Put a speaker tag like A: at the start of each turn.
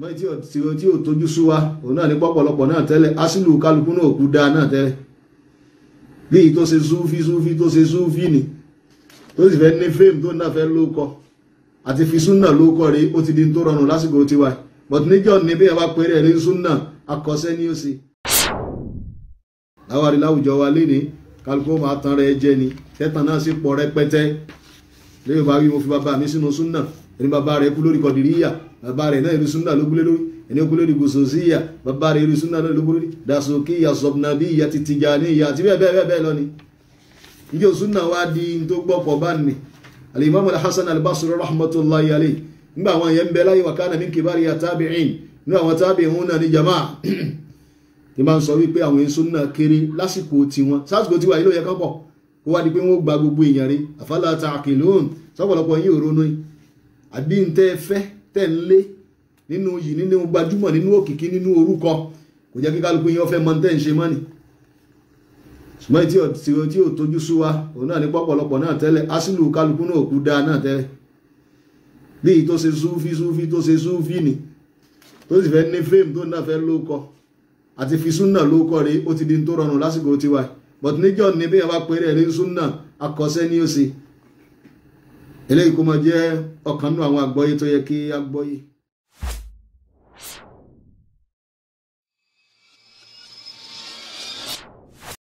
A: mọ́ tí ò tójú sú wa òun náà ní pọ́pọ̀lọpọ̀ náà tẹ́lẹ̀ asílù kálukú náà òkú dáa náà tẹ́lẹ̀ bí tó ṣe súfí súfí tó ṣe súfí ni tó sì fẹ́ ní fíìmù tó náà fẹ́ ló kọ àti fi súnà ló kọ rí ó ti di tó rọrùn lásìkò tiwa but níjọ́ ní bí ẹ bá pèrè rí súnà akọ́ṣẹ́ ní òsì. láwárí láwùjọ wa lé ní kálukú máa tan rẹ jẹ ni tẹ́tàn náà sì pọ̀ rẹpẹtẹ lẹ́yìn bá wí mo fi bàbá mi sínú súnà ẹni bàbá rẹ̀ kú lórí kọ̀dìríyà bàbá rẹ̀ náà ìlú súnà ló gbélé lórí ẹni kú lórí gòsòsíyà bàbá rẹ̀ ìlú súnà náà ló gbélé lórí ya sọbnabiya titijaniya àti bẹ́ẹ̀ bẹ́ẹ̀ bẹ́ẹ̀ lọ ni. ìjọ súnà wa di tó gbọ́pọ̀ bá ní alimami hasan albasri rahmatulahi alayhi nígbà àwọn yẹn ń bẹ láyé wàkánà min kibari àtàbíyìn ní àwọn tábìhún náà ní jamaa ti máa ń sọ wípé àwọn èso náà kéré lásìkò tiwọn sásìkò tiwa yìí ló yẹ kán pọ̀ kó wá di pé wọ́n gba gbogbo èèyàn rẹ̀ àfàlà ta àkìlóhùn sọ́pọ̀lọpọ̀ yín ò ronú yín àbí ń tẹ́ fẹ́ tẹ́ ń lé nínú yìí nínú gbajúmọ̀ nínú òkìkí nínú orúkọ kò jẹ́ kí kálukú yín ó fẹ́ mọ tẹ́ ń ṣe mọ́ni ṣùgbọ́n tí ò tójú sú wa òun náà ní pọ̀pọ̀lọpọ̀ náà tẹ́lẹ̀ asílù kálukú náà òkú dáa náà tẹ́lẹ̀ bí tó ṣe súfí súfí tó ṣe súfí ni tó sì fẹ́ ní fíìmù tó náà fẹ́ lóko àti fi súnà lóko rèé ó ti di tó lásìkò tiwa but níjọ́ ní bí wọ́n bá pèrè ẹ̀rí súnà akọ́sẹ́ ní òsì eléyìí kó máa jẹ́ ọ̀kan nínú àwọn àgbọ́yé tó yẹ kí